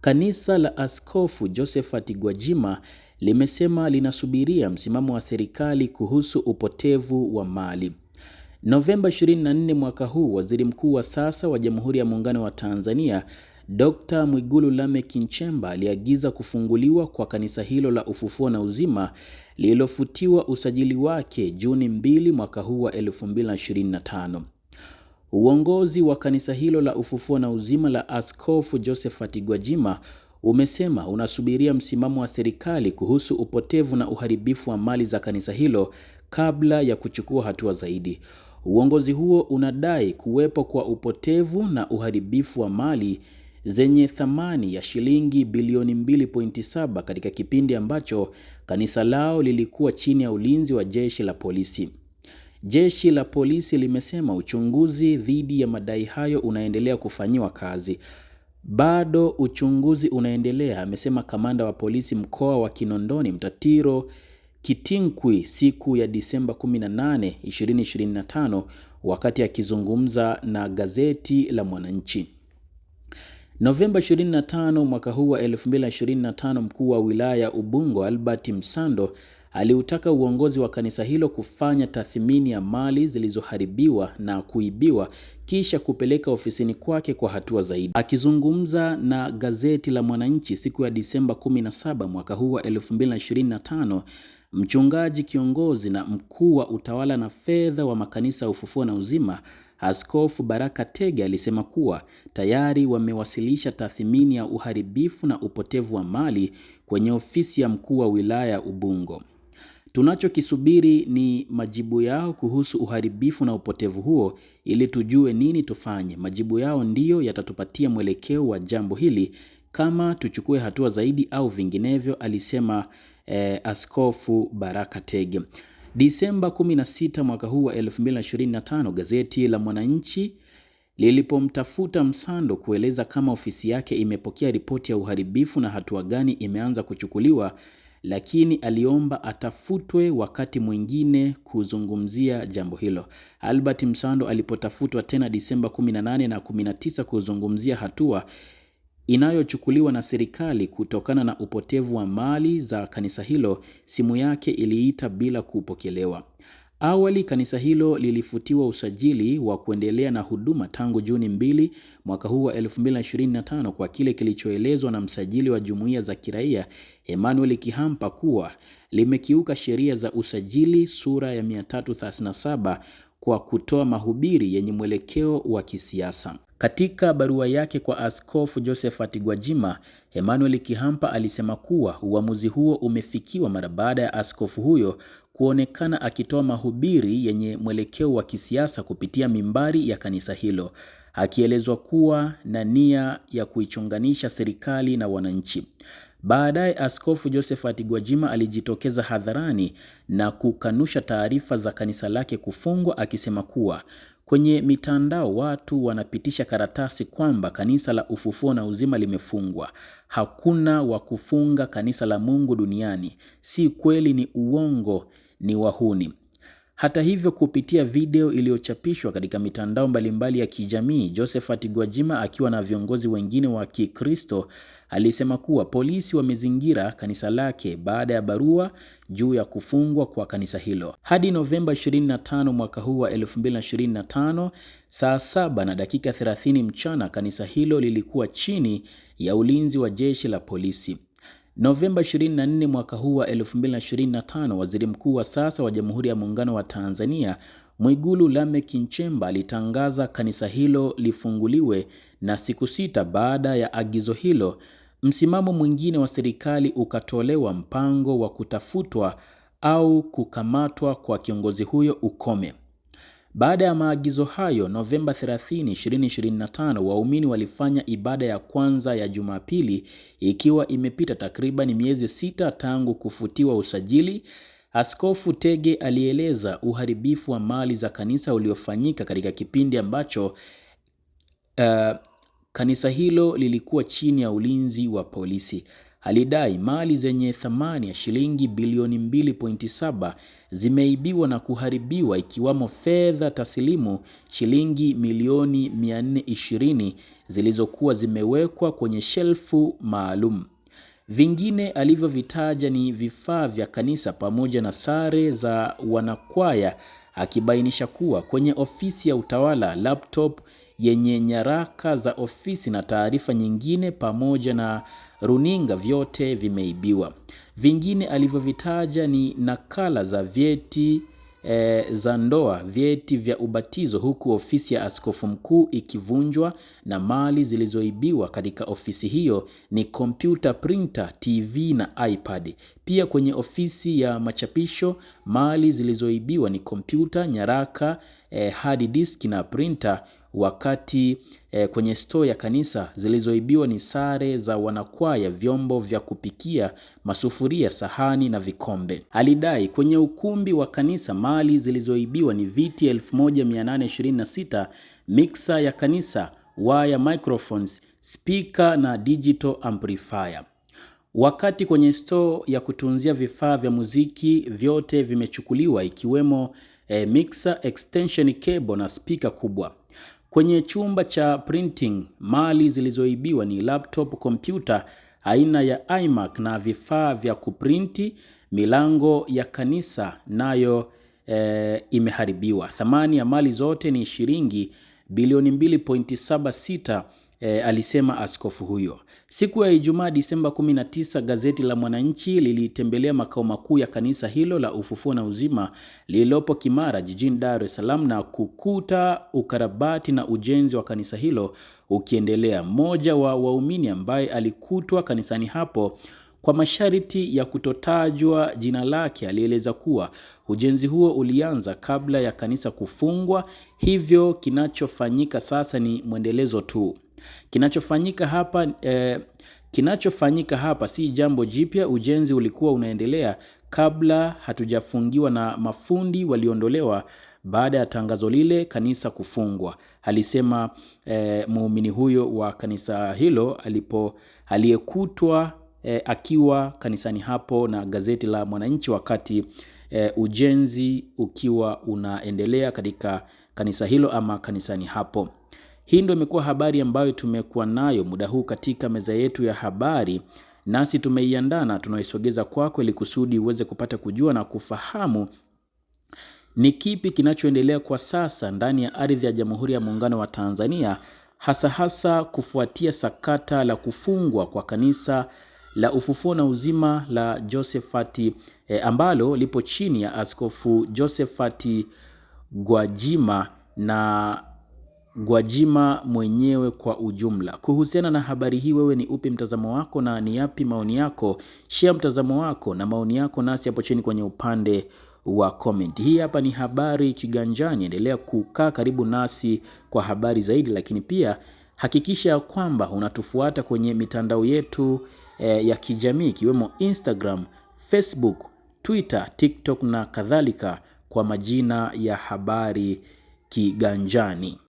Kanisa la Askofu Josephat Gwajima limesema linasubiria msimamo wa serikali kuhusu upotevu wa mali. Novemba 24 mwaka huu, waziri mkuu wa sasa wa Jamhuri ya Muungano wa Tanzania Dr. Mwigulu Lameck Nchemba aliagiza kufunguliwa kwa kanisa hilo la Ufufuo na Uzima lililofutiwa usajili wake Juni 2 mwaka huu wa 2025. Uongozi wa kanisa hilo la Ufufuo na Uzima la Askofu Josephat Gwajima umesema unasubiria msimamo wa serikali kuhusu upotevu na uharibifu wa mali za kanisa hilo kabla ya kuchukua hatua zaidi. Uongozi huo unadai kuwepo kwa upotevu na uharibifu wa mali zenye thamani ya shilingi bilioni 2.7 katika kipindi ambacho kanisa lao lilikuwa chini ya ulinzi wa jeshi la polisi. Jeshi la polisi limesema uchunguzi dhidi ya madai hayo unaendelea kufanyiwa kazi. Bado uchunguzi unaendelea, amesema kamanda wa polisi mkoa wa Kinondoni Mtatiro Kitinkwi siku ya Disemba 18, 2025 wakati akizungumza na gazeti la Mwananchi. Novemba 25 mwaka huu wa 2025, mkuu wa wilaya Ubungo Albert Msando aliutaka uongozi wa kanisa hilo kufanya tathmini ya mali zilizoharibiwa na kuibiwa kisha kupeleka ofisini kwake kwa hatua zaidi. Akizungumza na gazeti la Mwananchi siku ya Disemba 17 mwaka huu wa 2025, mchungaji kiongozi na mkuu wa utawala na fedha wa makanisa ya Ufufuo na Uzima Askofu Baraka Tege alisema kuwa tayari wamewasilisha tathmini ya uharibifu na upotevu wa mali kwenye ofisi ya mkuu wa wilaya Ubungo. Tunachokisubiri ni majibu yao kuhusu uharibifu na upotevu huo ili tujue nini tufanye. Majibu yao ndiyo yatatupatia mwelekeo wa jambo hili kama tuchukue hatua zaidi au vinginevyo, alisema eh, Askofu Baraka Tege. Disemba 16 mwaka huu wa 2025, gazeti la Mwananchi lilipomtafuta Msando kueleza kama ofisi yake imepokea ripoti ya uharibifu na hatua gani imeanza kuchukuliwa, lakini aliomba atafutwe wakati mwingine kuzungumzia jambo hilo. Albert Msando alipotafutwa tena Disemba 18 na 19 kuzungumzia hatua inayochukuliwa na serikali kutokana na upotevu wa mali za kanisa hilo, simu yake iliita bila kupokelewa. Awali kanisa hilo lilifutiwa usajili wa kuendelea na huduma tangu Juni 2 mwaka huu wa 2025 kwa kile kilichoelezwa na msajili wa jumuiya za kiraia Emmanuel Kihampa kuwa limekiuka sheria za usajili sura ya 337 kwa kutoa mahubiri yenye mwelekeo wa kisiasa. Katika barua yake kwa Askofu Josephat Gwajima, Emmanuel Kihampa alisema kuwa uamuzi huo umefikiwa mara baada ya askofu huyo kuonekana akitoa mahubiri yenye mwelekeo wa kisiasa kupitia mimbari ya kanisa hilo, akielezwa kuwa na nia ya kuichunganisha serikali na wananchi. Baadaye Askofu Josephat Gwajima alijitokeza hadharani na kukanusha taarifa za kanisa lake kufungwa akisema kuwa Kwenye mitandao watu wanapitisha karatasi kwamba kanisa la ufufuo na uzima limefungwa. Hakuna wa kufunga kanisa la Mungu duniani. Si kweli, ni uongo, ni wahuni. Hata hivyo, kupitia video iliyochapishwa katika mitandao mbalimbali ya kijamii, Josephat Gwajima akiwa na viongozi wengine wa Kikristo alisema kuwa polisi wamezingira kanisa lake baada ya barua juu ya kufungwa kwa kanisa hilo. Hadi Novemba 25 mwaka huu wa 2025 saa saba na dakika 30 mchana, kanisa hilo lilikuwa chini ya ulinzi wa jeshi la polisi. Novemba 24 mwaka huu wa 2025, Waziri Mkuu wa sasa wa Jamhuri ya Muungano wa Tanzania Mwigulu Lameck Nchemba alitangaza kanisa hilo lifunguliwe na siku sita baada ya agizo hilo, msimamo mwingine wa serikali ukatolewa, mpango wa kutafutwa au kukamatwa kwa kiongozi huyo ukome. Baada ya maagizo hayo, Novemba 30, 2025, waumini walifanya ibada ya kwanza ya Jumapili ikiwa imepita takriban miezi sita tangu kufutiwa usajili. Askofu Tege alieleza uharibifu wa mali za kanisa uliofanyika katika kipindi ambacho uh, kanisa hilo lilikuwa chini ya ulinzi wa polisi alidai mali zenye thamani ya shilingi bilioni 2.7 zimeibiwa na kuharibiwa ikiwamo fedha taslimu shilingi milioni 420 zilizokuwa zimewekwa kwenye shelfu maalum. Vingine alivyovitaja ni vifaa vya kanisa pamoja na sare za wanakwaya, akibainisha kuwa kwenye ofisi ya utawala laptop yenye nyaraka za ofisi na taarifa nyingine pamoja na runinga vyote vimeibiwa. Vingine alivyovitaja ni nakala za vyeti E, za ndoa, vyeti vya ubatizo, huku ofisi ya askofu mkuu ikivunjwa, na mali zilizoibiwa katika ofisi hiyo ni kompyuta, printer, TV na iPad. Pia kwenye ofisi ya machapisho mali zilizoibiwa ni kompyuta, nyaraka, e, hard disk na printer, wakati eh, kwenye store ya kanisa zilizoibiwa ni sare za wanakwaya, vyombo vya kupikia, masufuria, sahani na vikombe. Alidai kwenye ukumbi wa kanisa mali zilizoibiwa ni viti 1826, mixer ya kanisa, wire microphones, spika na digital amplifier. Wakati kwenye store ya kutunzia vifaa vya muziki vyote vimechukuliwa ikiwemo eh, mixer, extension cable na spika kubwa. Kwenye chumba cha printing, mali zilizoibiwa ni laptop kompyuta aina ya iMac na vifaa vya kuprinti. Milango ya kanisa nayo e, imeharibiwa. Thamani ya mali zote ni shilingi bilioni 2.76 e, alisema askofu huyo. Siku ya Ijumaa Disemba 19, gazeti la Mwananchi lilitembelea makao makuu ya kanisa hilo la Ufufuo na Uzima lililopo Kimara jijini Dar es Salaam na kukuta ukarabati na ujenzi wa kanisa hilo ukiendelea. Mmoja wa waumini ambaye alikutwa kanisani hapo kwa masharti ya kutotajwa jina lake alieleza kuwa ujenzi huo ulianza kabla ya kanisa kufungwa, hivyo kinachofanyika sasa ni mwendelezo tu. Kinachofanyika hapa eh, kinachofanyika hapa si jambo jipya. Ujenzi ulikuwa unaendelea kabla hatujafungiwa na mafundi waliondolewa baada ya tangazo lile kanisa kufungwa, alisema eh, muumini huyo wa kanisa hilo alipo aliyekutwa eh, akiwa kanisani hapo na gazeti la Mwananchi wakati eh, ujenzi ukiwa unaendelea katika kanisa hilo ama kanisani hapo. Hii ndio imekuwa habari ambayo tumekuwa nayo muda huu katika meza yetu ya habari, nasi tumeiandaa na tunaisogeza kwako ili kusudi uweze kupata kujua na kufahamu ni kipi kinachoendelea kwa sasa ndani ya ardhi ya Jamhuri ya Muungano wa Tanzania, hasa hasa kufuatia sakata la kufungwa kwa kanisa la Ufufuo na Uzima la josephati e, ambalo lipo chini ya Askofu josephati Gwajima na Gwajima mwenyewe kwa ujumla. Kuhusiana na habari hii, wewe ni upi mtazamo wako na ni yapi maoni yako? Shia mtazamo wako na maoni yako nasi hapo chini kwenye upande wa comment. Hii hapa ni Habari Kiganjani. Endelea kukaa karibu nasi kwa habari zaidi, lakini pia hakikisha ya kwamba unatufuata kwenye mitandao yetu eh, ya kijamii ikiwemo Instagram, Facebook, Twitter, TikTok na kadhalika kwa majina ya Habari Kiganjani.